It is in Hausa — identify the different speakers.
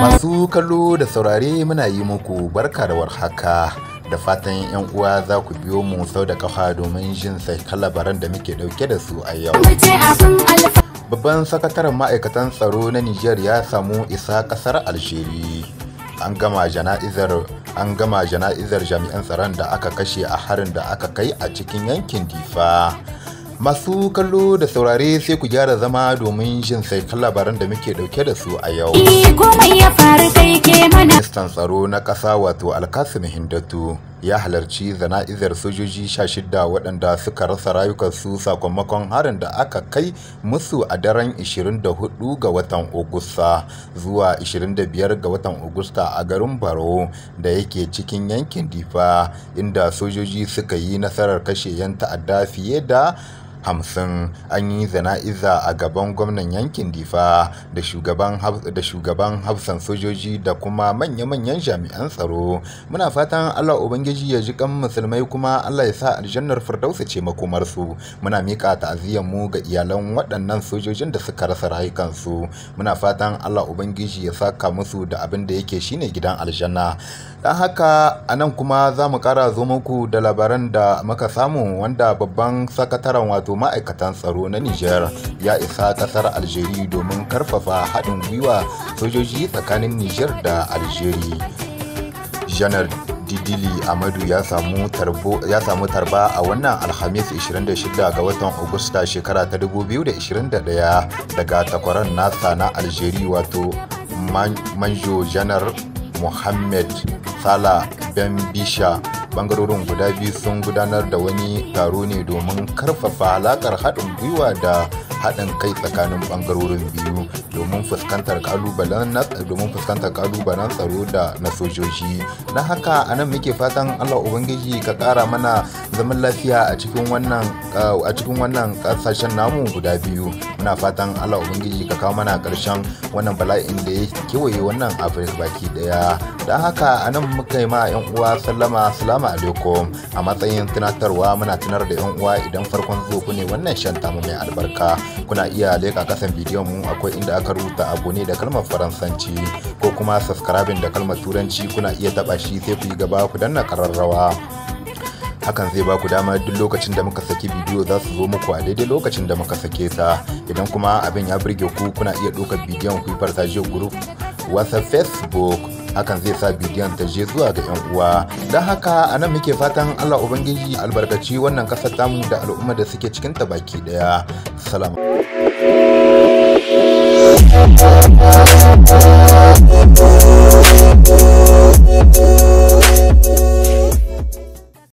Speaker 1: masu kallo da saurare muna yi muku barka da warhaka da fatan yan uwa za ku biyo mu sau da kafa domin jin sai kalabaran da muke dauke da su a yau babban sakataren ma'aikatan tsaro na niger ya samu isa kasar alsheri an gama jana'izar an gama jana'izar jami'an tsaron da aka kashe a harin da aka kai a cikin yankin difa Masu kallo da saurare sai ku gyara zama domin jin kan labaran da muke dauke da su a yau. Eh, Ministan tsaro na ƙasa wato Alkasim Hindatu ya halarci zana'izar sojoji 16 waɗanda suka rasa rayukansu sakamakon harin da aka kai musu a daren 24 ga watan Agusta zuwa 25 ga watan ogusta a garin Baro da yake cikin yankin Difa inda sojoji suka yi nasarar kashe 'yan ta'adda fiye da hamsin an yi zana'iza a gaban gwamnan yankin difa da shugaban hafsan sojoji da kuma manya-manyan jami'an tsaro muna fatan allah ubangiji ya ji kan musulmai kuma allah ya sa aljannar firdausa ce makomarsu muna miƙa ta'aziyyar mu ga iyalan waɗannan sojojin da suka rasa rayukansu muna fatan allah ubangiji ya saka musu da abin da yake shine gidan aljanna Dan haka a nan kuma za mu ƙara zo muku da labaran da muka samu wanda babban sakataren wato ma'aikatan tsaro na Nijar ya isa kasar Aljeri domin karfafa haɗin gwiwa sojoji tsakanin Nijar da Aljeri. Janar Didili Amadu ya samu tarba a wannan Alhamis 26 ga watan Agusta shekara ta 2021 daga takwaran nasa na Aljeri wato Manjo Janar Mohammed Sala Ben Bisha bangarorin guda biyu sun gudanar da wani taro ne domin karfafa alakar haɗin gwiwa da haɗin kai tsakanin bangarorin biyu domin fuskantar kalubalen tsaro da na sojoji na haka anan muke fatan allah ubangiji ka ƙara mana zaman lafiya a cikin wannan uh, a cikin wannan kasashen namu guda biyu muna fatan Allah ubangiji ka kawo mana karshen wannan bala'in da ya kewaye wannan Africa baki daya dan haka anan muka yi ma yan uwa sallama assalamu alaikum a matsayin tunatarwa muna tunar da yan uwa idan farkon zuwa ku ne wannan shan tamu mai albarka kuna iya leka kasan bidiyon mu akwai inda aka rubuta abu ne da kalmar faransanci ko kuma subscribing da kalmar turanci kuna iya taba shi sai ku yi gaba ku danna kararrawa hakan zai baku dama duk lokacin da muka saki bidiyo za su zo muku a daidai lokacin da muka sake ta idan kuma abin ya burge ku kuna iya ɗaukar bidiyon ku farta jiya group wasa facebook hakan zai sa bidiyon ta je zuwa ga 'yan uwa don haka a nan muke fatan allah ubangiji albarkaci wannan kasar tamu da al'umma da suke cikin ta baki daya salama